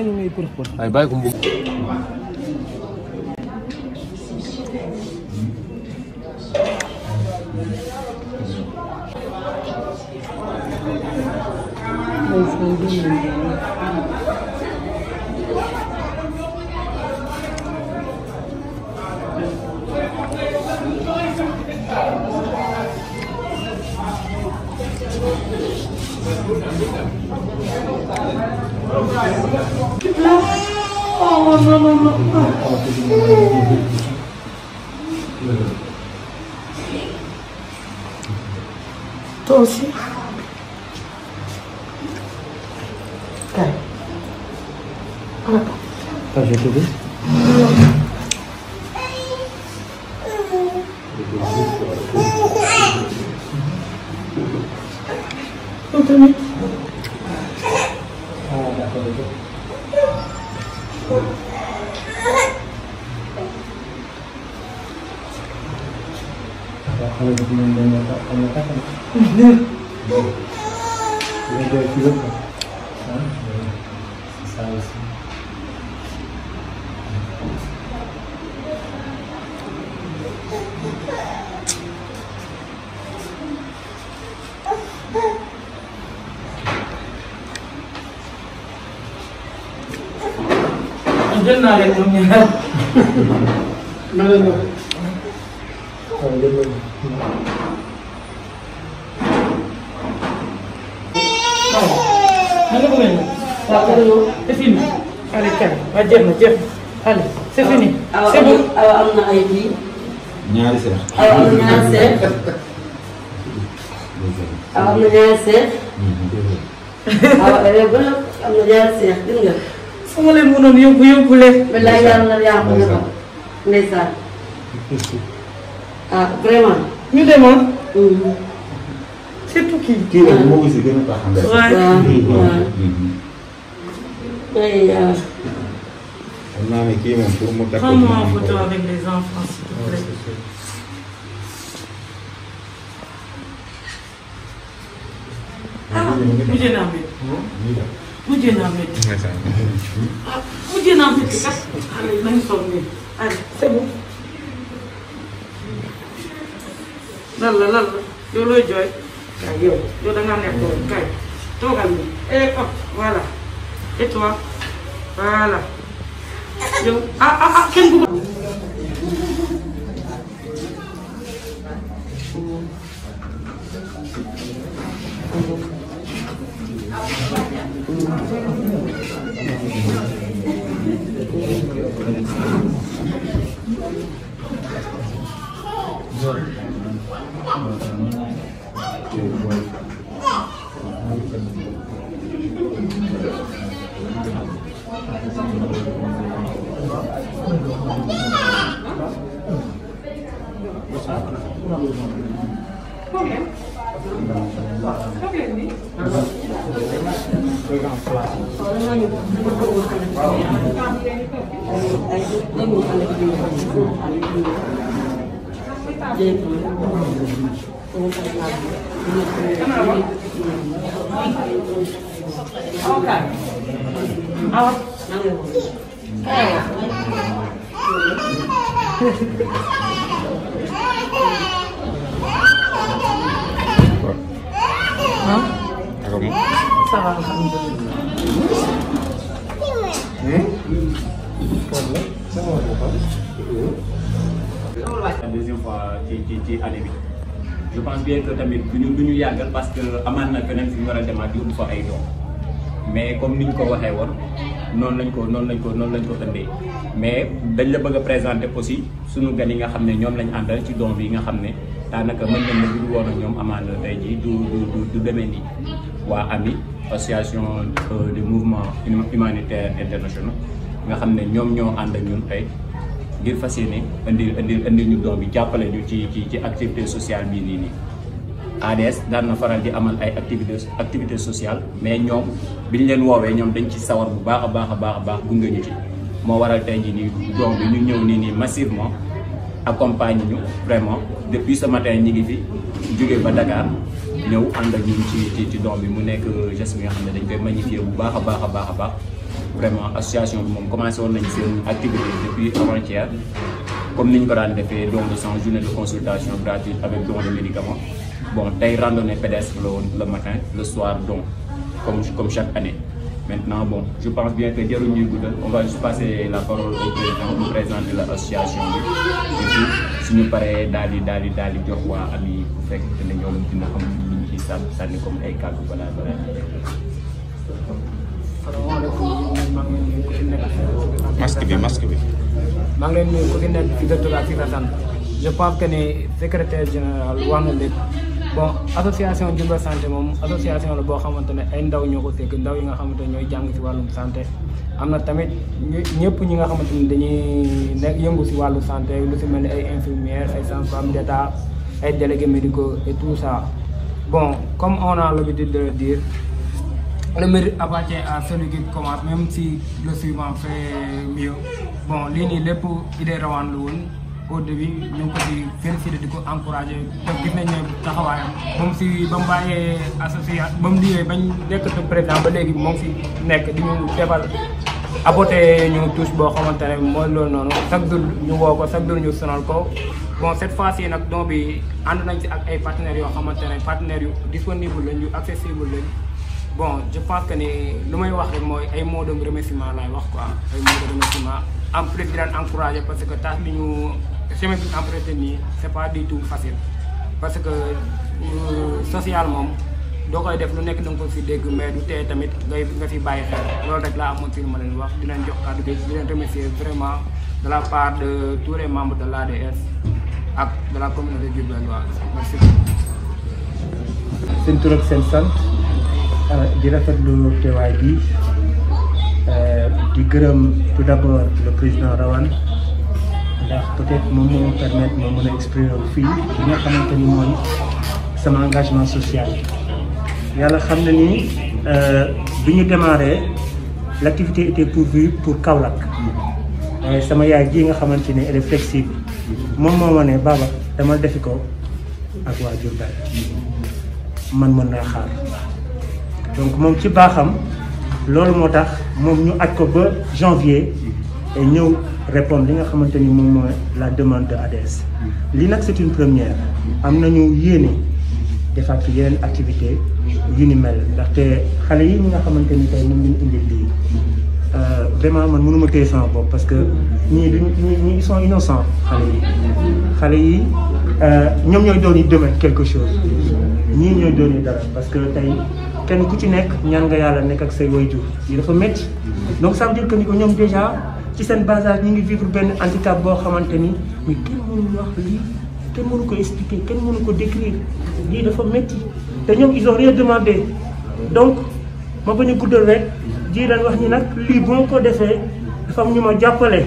ñu ngay për për ay bàyyi ko mu Oh, no, no, no. Tosi. Cara. Olha cá. Tá junto aqui? Não. Não tem man jël naa leen ñoom ñu xew. ma leen wax. Ah, waaw jël naa leen. waaw. man la ko waaw c'est fini. allez kay waaw jeex na jeex na allez c'est fini. c'est bon awa am na ay kii. ñaari seet. awa am na ñaari seet. awa am na ñaari seet. Mm-hmm. awa am na ñaari seet gis nga. fu ma leen mënoon yóbbu yóbbu leen. wallaay yàlla yàqu na ko. ndeysaan ah vraiment. ñu demoon. Mhm. surtout kii. kii nag moo gis gën a tax. waaw waaw. ay yàlla. xam naa ne kii moom pour mu teg ko. prends-moi mujjee naa métti. ah mujjee naa métti kat. xale yi nañu toog nii allez c'est bon. lan la lan la yow looy jooy. kay yow yow da ngaa nekkoon kay toogal nii eh hop oh, voilà et toi voilà yow ah ah ah kenn awa ça va alhamdulilah deuxième fois ci ci ci année bi je pense bien que tamit du ñu du ñu yàggal parce que amaan na feneen fi ñu war a demaat yóbbu fa ay doom mais comme ni ñu ko waxee woon noonu lañ ko noonu lañ ko noonu lañ ko ëndee mais dañ la bëgg a présenter aussi suñu gan yi nga xam ne ñoom lañ àndal ci doom bi nga xam ne daanaka mën nañ ne bu ñoom amaana tey jii du du du demee nii waa AMI association euh, de mouvement humanitaire international nga xam ne ñoom ñoo ànd ak ñun tey ngir fas yéene indi indi indi ñu doom bi jàppale ñu ci ci ci activité sociale bii nii nii. ADS daan na faral di amal ay activité activité sociale mais ñoom bi ñu leen woowee ñoom dañ ci sawar bu baax a baax a baax a baax gunge ñu ci moo waral tey jii nii doom bi ñu ñëw nii nii massivement accompagne ñu vraiment depuis ce matin ñi ngi fi jóge ba Dakar ñëw ànd ak ñun ci ci doom bi mu nekk geste xam ne dañ koy magnifier bu baax a baax a baax a baax vraiment association bi moom commencé woon nañ seen activité depuis avant-hier comme ni ñu ko daan defee don de sang journée de consultation gratuite avec don de médicament bon tey randonnée pédestre la woon le matin le soir donc comme comme chaque année maintenant bon je pense bien que jarul ñuy on va juste passer la parole au présenter la association bi et puis suñu paree daal di daal di daal di jox waa ami bu fekk ne ñoom dina xam lu ñu ciy comme ay kàddu balaa balaa salaamaaleykum bi masque bi. maa ngi leen nuyu ku fi nekk ci dëkk la ak je pense que ne secrétaire général wax na bon association Jurbel santé moom association la boo xamante ne ay ndaw ñoo ko sekk ndaw yi nga xamante ne ñooy jàng ci wàllum santé am na tamit ñëpp ñi nga xamante ne dañuy nekk yëngu ci wàllu santé lu si mel ni ay infirmières ay sages-femmes d'État ay délégués médicaux et tout ça bon comme on a l'habitude de le dire le mérite appartient à celui qui commence même si le suivant fait mieux bon lii nii lépp idée rawaan la au début ñu ngi ko ci félicité di ko encouragé te gis nañ ne taxawaayam moom si ba mu bàyyee association ba mu liggéey bañ président ba léegi moom si nekk di ñu defal apporté ñu touche boo xamante ne mooy loolu noonu chaque jour ñu woo ko chaque jour ñu sonal ko bon cette fois ci nag don bi ànd nañ si ak ay partenaires yoo xamante ne partenaires yu disponible lañ yu accessible lañ bon je pense ni lu may wax rek mooy ay mots de remerciement laay wax quoi ay mots de remerciement en chemin bi emprunté nii c'est pas du tout facile parce que euh, social moom doo koy def lu nekk da nga ko dégg mais du tee tamit ngay nga si bàyyi xel loolu rek laa amoon si ma leen wax dinañ jox kàddu gi di leen remercier vraiment de la part de tous les membres de l'ADS ak de la communauté diourbeloise merci seen tur ak seen sant euh, di rafetlu teewaay bi euh, di gërëm tout d'abord le président Rawane ndax peut-être moom moo ma permettre moom mën a exprimer wu fii li nga xamante ni mooy sama engagement social yàlla xam na ni euh, bi ñu démarré l' activité était pourvue pour Kaolack sama yaay ji nga xamante ni elle est moom moo ma ne baba dama defi ko ak waa Diourbel man mën naa xaar donc moom ci baaxam loolu moo tax moom ñu aj ko ba janvier ñëw répondre li nga xamante ni moom mooy la demande de ADS. lii nag c'est une première am ñu yéene defaat fi yeneen activité yu ni mel ndaxte xale yi ñi nga xamante ni tey moom lañu indil lii euh, vraiment man mënuma téye sama bopp parce que ñii duñ ñii ils sont innocents xale yi xale yi euh, ñoom ñooy doon yi demain quelque chose ñii ñooy doon yi dara parce que tey kenn ku ci nekk ñaan nga yàlla nekk ak say waajur yi dafa métti donc ça veut dire que ko ñoom déjà ci seen bazar ñu ngi vivre benn handicap boo xamante ni mais kenn mënuñu lii kenn mënu ko expliquer kenn mënu ko décrire lii dafa métti dañoo ñoom ils ont demandé donc ma bañ a guddal rek ji leen wax ñi nag lii bu ma ko defee dafa ñu ma jàppale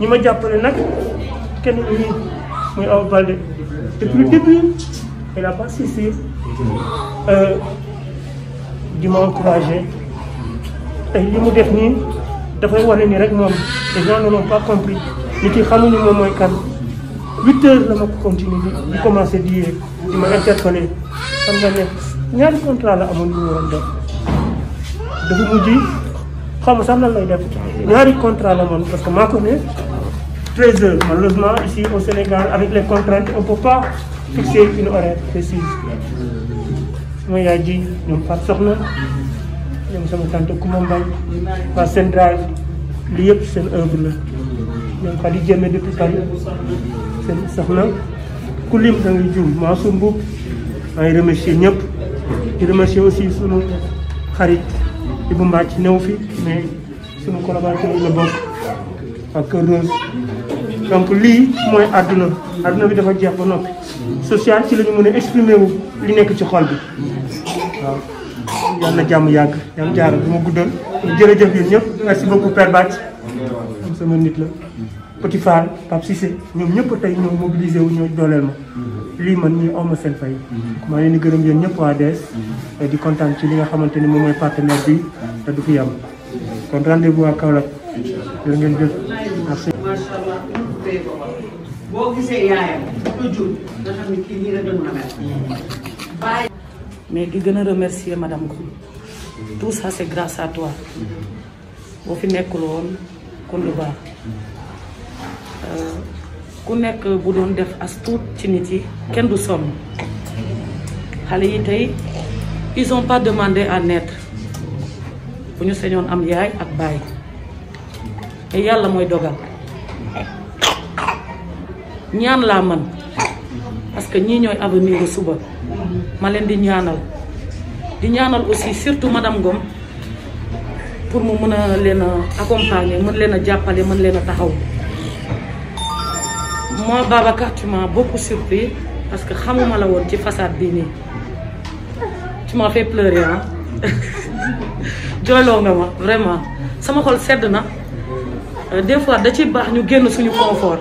ñu ma jàppale nag kenn ñi muy Awa de depuis le début il n'a pas cessé euh, di ma encouragé tey li mu def nii dafay wane ni rek moom les gens ne l'ont pas compris nit yi xamuñu moom mooy kan huit heures la ma ko di di commencé di yéeg di ma interpellé xam nga ne ñaari contrat la amoon lu ñu waroon def dafa mujj xam sax lan lay ñaari contrat la moom parce que maa ko ne treize heures malheureusement ici au Sénégal avec les contraintes on peut pas fixer une horaire précise sama yaay ji ñoom Fatou Soxna ñoom sama tante Kouma Mbaye waa Central li yëpp seen œuvre la ñoom Khady Diémé depuis Paris seen soxna ku lim da ngay juum Mansour Mboup maa ngi remercier ñëpp di remercier aussi sunu xarit Ibou Mbacke néew fii mais sunu collaborateur la bokk ak Kër Rose donc lii mooy àdduna àdduna bi dafa jeex ba noppi social ci la ñu mën a exprimer li nekk ci xool bi waaw yal na jàmm yàgg yam jaar bu ma guddal jërëjëf yéen ñëpp merci beaucoup Père Bac am sama nit la Petit Fall Pape Cissé ñëpp tey ñoo mobilisé wu ñoo dooleel lii man ñii awma seen fay maa leen di gërëm yéen ñëpp waa DS di kontaan ci li nga xamante ni moom mooy partenaire bi du fi yàmm kon jël merci gisee yaayam a mais di gën a remercier madame Goum mm-hmm. tout ça c' est grâce mm-hmm. boo fi nekkul woon kon lu baax euh, ku nekk bu doon def as tuut ci nit yi kenn du sonn xale yi tey ils ont pas demandé à naître bu ñu sañoon am yaay ak baay te yàlla mooy dogal ñaan laa man parce que ñii ñooy avenir suba. ma leen di ñaanal di ñaanal aussi surtout madame Ngom pour mu mun a leen a accompagner mën leen a jàppale mën leen a taxaw moi Babacar tu m'as beaucoup surpris parce que xamuma la woon ci façade bii nii tu ma fait pleurer ah jooyloo nga ma vraiment sama xol sedd na euh, des fois da ci baax ñu génn suñu confort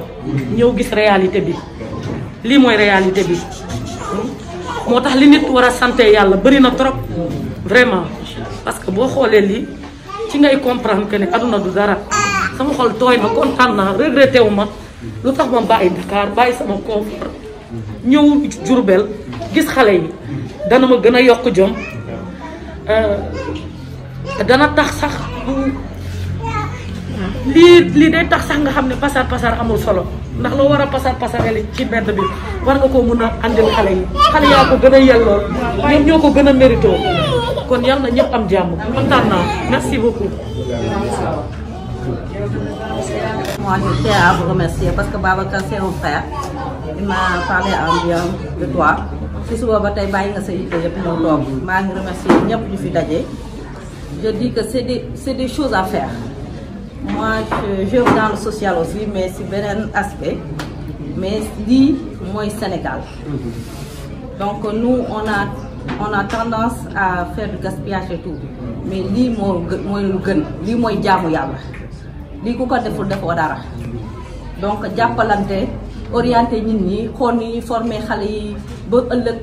ñëw gis réalité bi lii mooy réalité bi moo tax li nit war a sante yàlla bari na trop vraiment parce que boo xoolee lii ci ngay comprendre que ne àdduna du dara sama xol tooy na kontaan naa regretté ma lu tax ma bàyyi Dakar bàyyi sama confort ñëw Jurbel gis xale yi dana ma gën a yokk jom euh, dana tax sax lii lii day tax sax nga xam ne pasar pasar amul solo ndax loo war a pasar pasareel ci mbedd bi war nga koo mun a andil xale yi xale yaa ko gën a yellool ñoom ñoo ko gën a mérito kon yal na ñëpp am jàmm merci beaucoup. Moi, je parce que Babacar c'est un frère. en bien de toi. ci suba ba tey bàyyi nga sa yitte yëpp ñëw toog maa ngi remercier ñëpp ñu fi daje. Je dis que c'est des c'est des choses à faire. moi je joue dans social aussi mais si beneen aspect mais lii mooy Sénégal donc nous on a on a tendance à faire du gaspillage tout mais lii moo mooy lu gën lii mooy jaamu yàlla lii ku ko deful defoo dara donc jàppalante oriente nit ñi xool ni forme xale yi ba ëllëg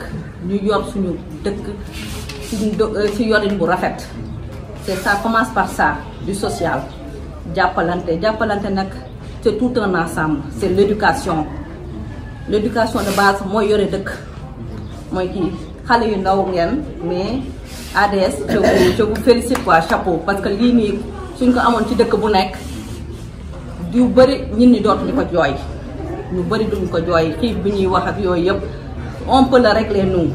ñu yor suñu dëkk suñu euh, ci yorin bu rafet c'est ça commence par ça du social jàppalante jàppalante nag c'est tout un sàmm c'est l'éducation l'éducation de base mooy yore dëkk mooy kii xale yu ndaw ngeen mais ADS je vous je félicite quoi chapeau parce que lii nii suñ ko amoon ci dëkk bu nekk du bëri ñit ñi dootuñu ko jooy ñu bëri duñ ko jooy xiif bi ñuy wax ak yooyu yëpp on peut le régler nous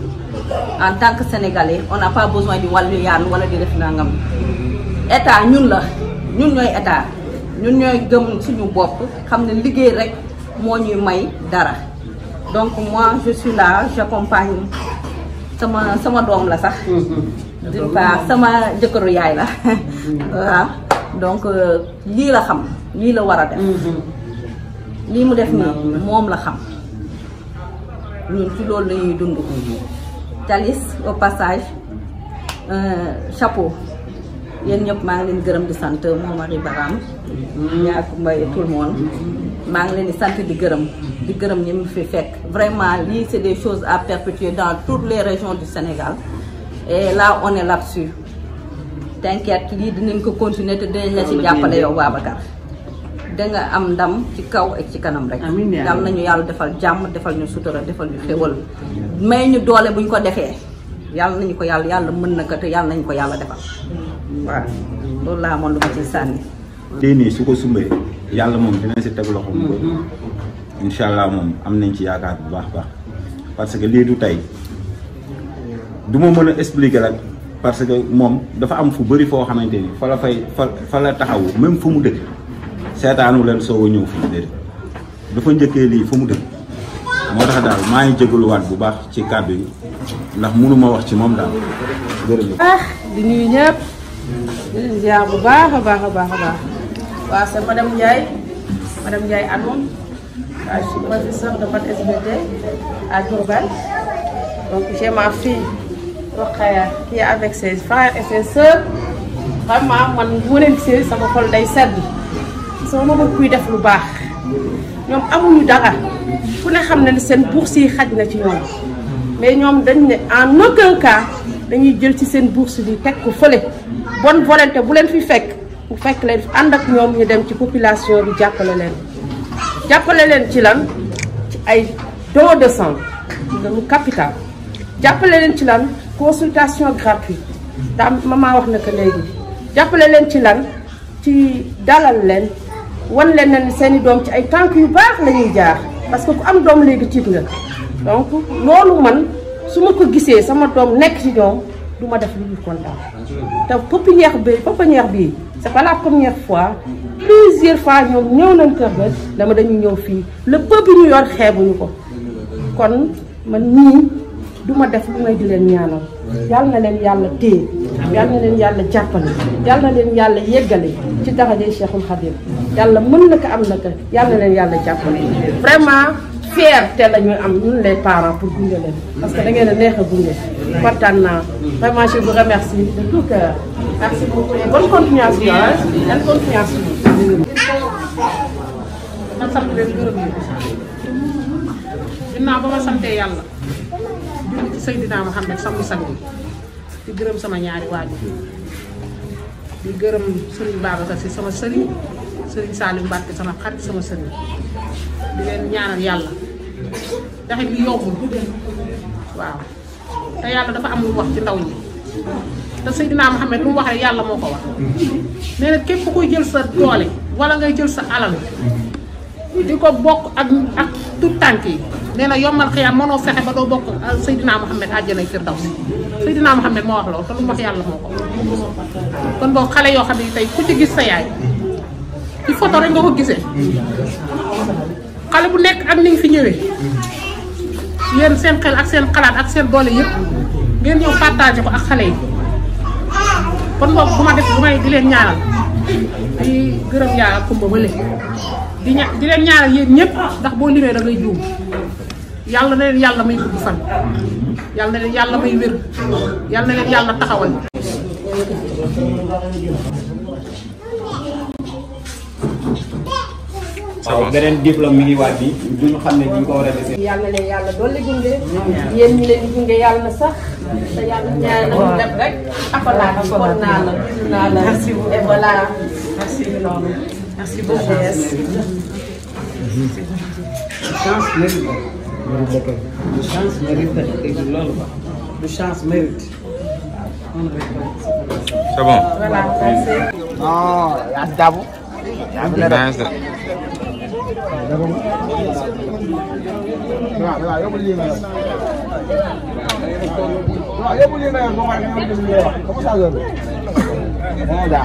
en tant que sénégalais on n'a pas besoin di wàllu yaan wala di def nangam état ñun la ñun ñooy état ñun ñooy gëm suñu bopp xam ne liggéey rek moo ñuy may dara donc moi je suis là j'accompagne sama sama doom la sax waaw sama jëkkëru yaay la waaw donc euh, lii la xam lii la war a def mm-hmm. lii mu def nii moom la xam ñun ci loolu la ñuy dund mm-hmm. au passage euh, chapeau yéen ñëpp maa ngi leen gërëm di sant moom Marie Baram ñaak mbay tout le maa ngi leen di sant di gërëm di gërëm ñi mu fi fekk vraiment lii c'est des choses à perpétuer dans toutes les régions du Sénégal et là on est là-dessus t'inquiète lii dinañ ko continuer te dinañ la ci jàppale yow Babacar danga am ndam ci kaw ak ci kanam rek ndam nañu yàlla defal jàmm defal ñu sutura defal ñu xéwal may ñu doole buñ ko defee yàlla nañu ko yàlla yàlla mën na ko te yàlla nañu ko yàlla defal waaw loolu laa amoon lu ma ci sànni. tey nii su ko sumbee yàlla moom dina si teg loxo mu mm-hmm. ko incha allah moom am nañ ci yaakaar bu baax baax parce que lii du tey du ma mën a expliquer rek parce que moom dafa am fu bëri foo xamante ni fa la fay fa fa la taxawu même fu mu dëkk seetaanu leen soo a ñëw fu mu dëkk dafa njëkkee lii fu mu dëkk. moo tax daal maa ngi jégaluwaat bu baax ci kàddu yi ndax mënuma wax ci moom daal jërëjëf. Ah, di nuyu ñëpp bu baax a baax a baax a baax waaw c'est madame Ndiaye madame Ndiaye Anoum waaw ah, je suis professeur de maths SVT à donc j'ai ma fille Rokhaya qui est avec ses frères et ses sœurs vraiment man bu ma leen gisee sama xol day sedd sama bëgg kuy def lu baax. ñoom amuñu dara fu ne xam ne ne seen bourse yi xaj na ci ñoom mais ñoom dañ ne en aucun dañuy jël ci seen bourse bi teg ko fële bon volonté bu leen fi fekk bu fekk leen fi ànd ak ñoom ñu dem ci population bi jàppale leen jàppale leen ci lan ci ay don de sang dañu capital jàppale leen ci lan consultation gratuite daa maman wax na ko léegi jàppale leen ci lan ci dalal leen wan leen na seen doom ci ay tànk yu baax lañuy jaar parce que ku am doom léegi tiit nga donc loolu man su ma ko gisee sama doom nekk ci ñoom du ma def lu dul kontaan te ñeex bi ñeex bii c'est pas la première fois plusieurs fois ñoom ñëw nañ kër ga dama dañu ñëw fii le peu bi ñu yoon xeebuñu ko kon man nii du ma def lu may di leen ñaanal yal na leen yàlla téye yal na leen yàlla jàppale yal na leen yàlla yeggale ci daraja Cheikhul Khadim yàlla mën na ko am na ko yal na leen yàlla jàppale vraiment fierté la ñu am ñun les parents pour gunge leen parce que da ngeen a neex a gunge kontaan naa vraiment je vous remercie de tout cœur merci beaucoup et bonne continuation bonne continuation man sant leen gërëm yi ginnaaw ba ma santee yàlla Seydina Mohamed sangu sangu di gërëm sama ñaari waajur di gërëm Serigne Babacar si sama sëriñ Serigne Salim Mbacke sama xarit sama sëriñ di leen ñaanal yàlla ndax bi yombul waaw te yàlla dafa amul wax ci ndaw ñi te Seydina Mohamed lu mu wax rek yàlla moo ko wax nee na képp kuy jël sa doole wala ngay jël sa alal di ko bokk ak ak tànk yi nee na yombal xiyaam mënoo fexe ba doo bokk Seydina Mohamed àjjanay Firdawsi Seydina Mohamed moo wax loolu te lu mu wax yàlla moo ko kon boo xale yoo xam ne tey ku ci gis sa yaay ci photo rek nga ko gisee xale bu nekk ak ni fi ñëwee yéen seen xel ak seen xalaat ak seen doole yëpp ngeen ñëw partagé ko ak xale yi kon boobu bu ma def bu may di leen ñaanal di gërëm yàlla kumba ba léegi di ña di leen ñaanal yéen ñëpp ndax boo limee da ngay yàlla na leen yàlla may gudd fan yàlla na leen yàlla may wér yàlla na leen yàlla taxawal. waaw beneen diplôme mi ngi waaj bi duñu xam ne ñu ko war a defee. yàlla na leen yàlla dolli gunge. yéen ñi leen di gunge yàlla na sax. te yàlla ñaare na mu dem rek. afalaat xool naa la gis naa la. merci beaucoup et voilà. merci beaucoup. merci beaucoup. chance mérite du chance mérite loolu ba du chance mérite. c'est bon. voilà merci. non yaa ngi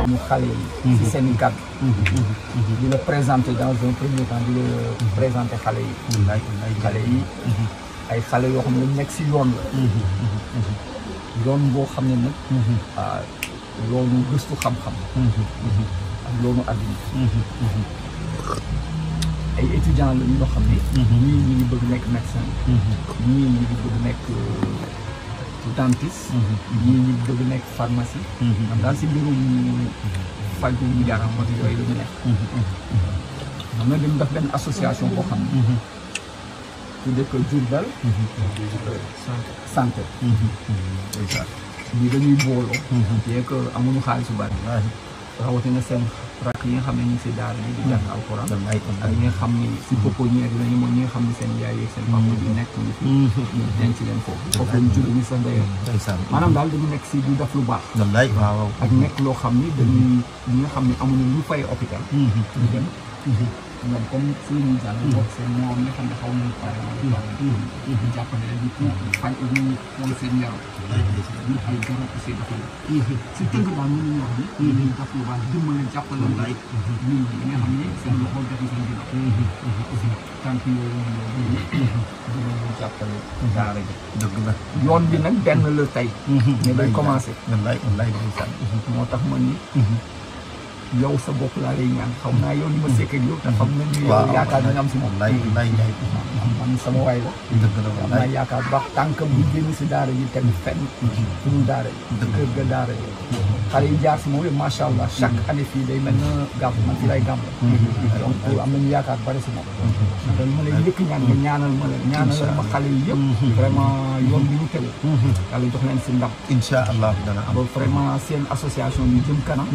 ñu xale yi si seen gàtt di la présenter dans un premier xale yi xale yi yoo xam ne nekk si yoon la boo xam ne nag yoonu xam-xam ak ay étudiants la ñu loo xam ne. Mhm. ñii ñu ngi bëgg nekk médecin. Mhm. ñii ñu ngi bëgg nekk euh, dentiste. Mhm. ñii ñu ngi bëgg nekk pharmacie. am daal si mbirum faj bu ñu jaaraam mooy yooyu la ñu nekk. am na benn association boo xam ne. ku dëkk Diourbel. santé. ñii dañuy booloo. bien que amuñu xaalis bu bari. rawatina seen rakk yi nga xam ne ñu ngi si daara bi di jàng alxuraan ak ñi nga xam ni si mm-hmm. popo ñi moom ñi nga xam ne seen yaay seen seen papa mm-hmm. bi nekk mm-hmm. ñu fi ñu leen foofu foofu ñu jur ñu sax ndeyoo maanaam daal dañu nekk si di def lu baax ak nekk loo xam ni dañuy ñi nga xam ne amuñu lu fay hôpital ñu dem ñoom comme suñu ñuy jàng bokk seen moom ñi xam ne xaw nañu pare ñu jàppale leen ñu faj ñu moom seen yaram ñu ay garab ci seen doxal si tënk daal ñu ñu wax ni ñu ñu jàppale baax dimbale jàppale lay ñu ñi nga xam ne seen loxo def seen ginnaaw aussi tànk yooyu ñu ñu jàppale daara ji dëgg la yoon bi nag benn la tey mais day commencé wallaay wallaay moo tax ma ni yow sa bopp laa lay ñaan xam naa yow li ma sekk ak yow te xam nga yaakaar bi nga am si moom lay lay jaay man sama waay la am naa yaakaar bu génn si daara ji tamit fenn suñu daara ji kër ga daara ji xale yi jaar si moom yëpp macha allah chaque année fii day mel na gàmm man fi lay gàmm donc am nañu yaakaar bari si moom dañ ma lay njëkk ñaan nga ñaanal ma ñaanal ma xale yi yëpp vraiment yoon bi ñu tegu yàlla jox leen si ndam incha allah dana am vraiment seen association ñu jëm kanam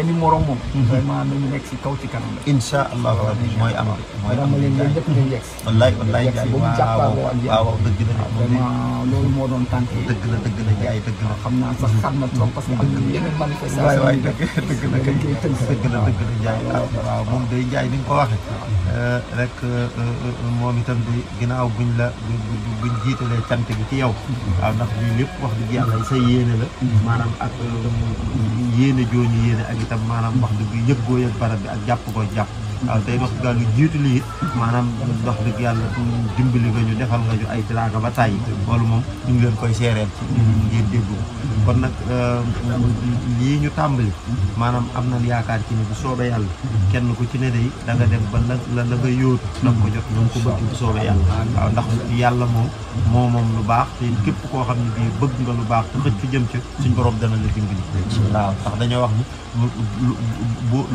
seen i moromam. vraiment nañu nekk si kaw ci kanam la. incha allah rabi mooy am mooy am leen yéen ñëpp ngeen yegg si. wallaay wallaay gars yi waaw waaw dëgg la vraiment loolu moo doon tànk yi. dëgg la dëgg la gars yi dëgg la. xam naa sax xar na trop parce que am na yeneen manifestation. waay waay dëgg dëgg la kay dëgg la dëgg la Ndiaye waaw moom day Ndiaye ni nga ko waxee. Eh, rek eh, eh, moom itam day ginnaaw buñ la buñ jiitalee cant bi ci yow. Mm-hmm. waaw ndax lii lépp wax dëgg yàlla sa yéene la. Mm-hmm. maanaam ak. yéene jooñu yéene ak itam maanaam wax dëgg yëg goo yëg barab bi ak jàpp ko jàpp mm-hmm. waaw tey wax daal lu lii maanaam ndox dëgg yàlla dimbali nga ñu defal nga ñu ay tilaaka ba tàyyi mm-hmm. moom ñu ngi leen koy seereel ci mm-hmm. ngeen dégg ko kon nag euh, lii ñu tàmbali maanaam am nañ yaakaar ci bu soobee yàlla kenn ku ci ne day da nga dem ba la la nga yóotu da ko jot na ko bëgg bu soobee yàlla ndax yàlla moom moo moom lu baax te képp koo xam ne bii bëgg nga lu baax te xëcc jëm ca suñ borom dana la dimbali waaw ndax dañoo wax ni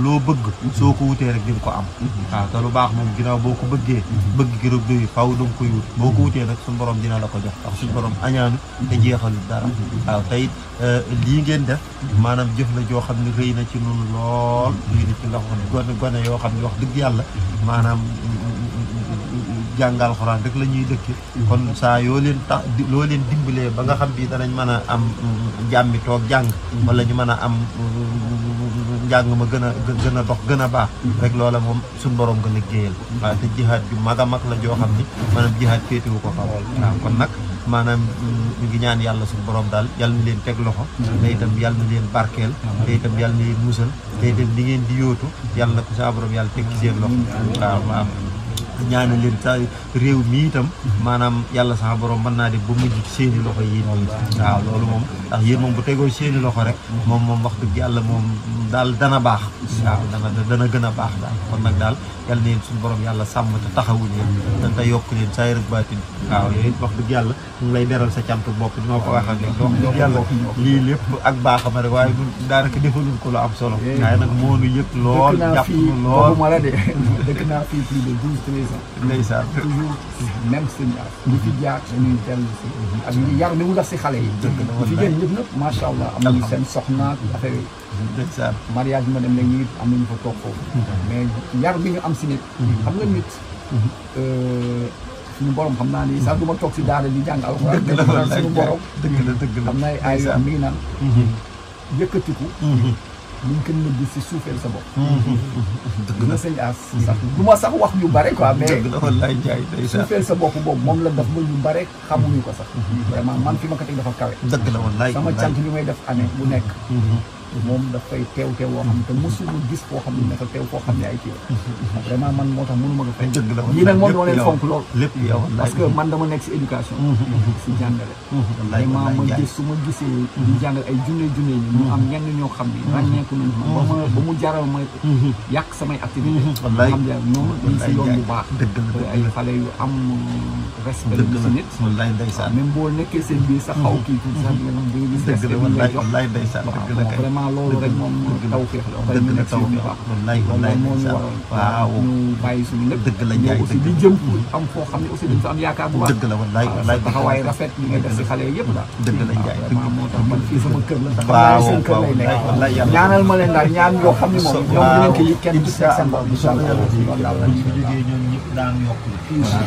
loo bëgg soo ko wutee rek di ko am waaw te lu baax moom ginnaaw boo ko bëggee bëgg gi rek doyu faw da nga koy boo ko wutee nag suñ borom dina la ko jox ndax suñ boroom añaanu te jeexalu dara waaw tey it euh, lii ngeen def maanaam jëf la joo xam ne rëy na ci nun lool rëy na ci loxo gone gone yoo xam ne wax dëgg yàlla maanaam jàng alxuraan rek la ñuy dëkk. Mhm. kon saa yoo leen tax loo leen dimbalee ba nga xam bii danañ mën a am mm, jàmmi toog jàng. Mhm. wala ñu mën a am mm, njàng ma gën a gën a dox gën a baax. Mhm. rek loola moom suñ borom nga liggéeyal. waaw te jihaat ju mag a mag la joo xam ni maanaam jihaat féetewu ko xaw waaw kon nag. maanaam mm, ñu ngi ñaan yàlla suñu borom daal yal na leen teg loxo te itam yal na leen barkeel te itam yal na leen musal te itam li ngeen di yootu yal na ko saa yàlla teg ci seen loxo ñaanal leen sa réew mi itam maanaam yàlla sax borom man naa def ba mujj ci seeni loxo yi waaw loolu moom ndax yéen moom bu tegoo seeni loxo rek moom moom wax dëgg yàlla moom daal dana baax waaw dana dana gën a baax daal kon nag daal yàlla na suñu borom yàlla sàmm te taxawu leen te yokk leen saa yërëg baatin waaw wax dëgg yàlla mu lay beral sa cant bopp di ko waxal rek wax dëgg yàlla lii lépp ak baaxam rek waaye du daanaka defalul ko lu am solo eh. lool ndeysaan même sëñ af ñu fi jaar dañuy dellu si mhm. ak ñu yar ni mu si xale yi ñu fi jël ñëpp nag macha allah am nañu seen soxna affaire yi ndeysaan mariage bi ma dem am nañu fa toog mhm. mais yar bi am si nit mhm. xam nga nit euh, suñu borom xam naa ni sax du ma toog si daara a jàng alxuraan dëgg la suñu borom dëgg la dëgg la xam mi ngi naan yëkkatiku ñu gën a gis si suufeel sa bopp. dëgg la sëñ As sax du ma sax wax ñu bare quoi. mais dëgg la wallaay jaay day suufeel sa bopp boobu moom la def ba ñu bare xamuñu ko sax. Mm-hmm. vraiment man fi ma ko teg dafa kawe. dëgg la wallaay sama cant bi may def année bu nekk. Mm-hmm. moom dafay teew teew woo xam ne te mosuñu gis koo xam ne teew koo xam ne ay teew vraiment man moo tax mënuma ko fay dëgg la ñii nag moom dama leen fonk lool lépp yow parce que mhm. su ma gisee di jàngal ay junne junne yi mu am ñenn ñoo xam ne mhm. ràññeeku nañu ba ma mhm. mu jaral ma yàq samay activité xam ne ñoom ñu si yoon bu baax ay xale yu am respect lañu si nit wallaay ndeysaan même boo nekkee seen biir sa xaw kii tuuti sax di nga gis respect bi lay jox vraiment vraiment loolu rek moom tawféex la tey mu nekk si yoonu baax loolu moo ñu waral waaw ñu bàyyi suñu lépp dëgg la ñëw aussi di jëm am foo xam ne aussi dañ fa am yaakaar bu baax dëgg la wallaay wallaay taxawaay rafet li nga def si xale yëpp la dëgg la njaay vraiment moo tax man fii sama kër la ndax waaw seen kër lay nekk ñaanal ma leen daal ñaan yoo xam ne moom ñoom bu nekk yi kenn du seet seen bopp incha allah loolu daal la jógee ñoom ñëpp daan yokk incha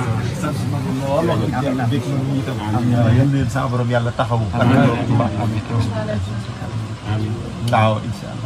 allah sant nañu lool wax dëgg yàlla dégg nañu ñu itam. yéen leen saa borom yàlla taxawu. amiin amiin amiin. waaw incha allah.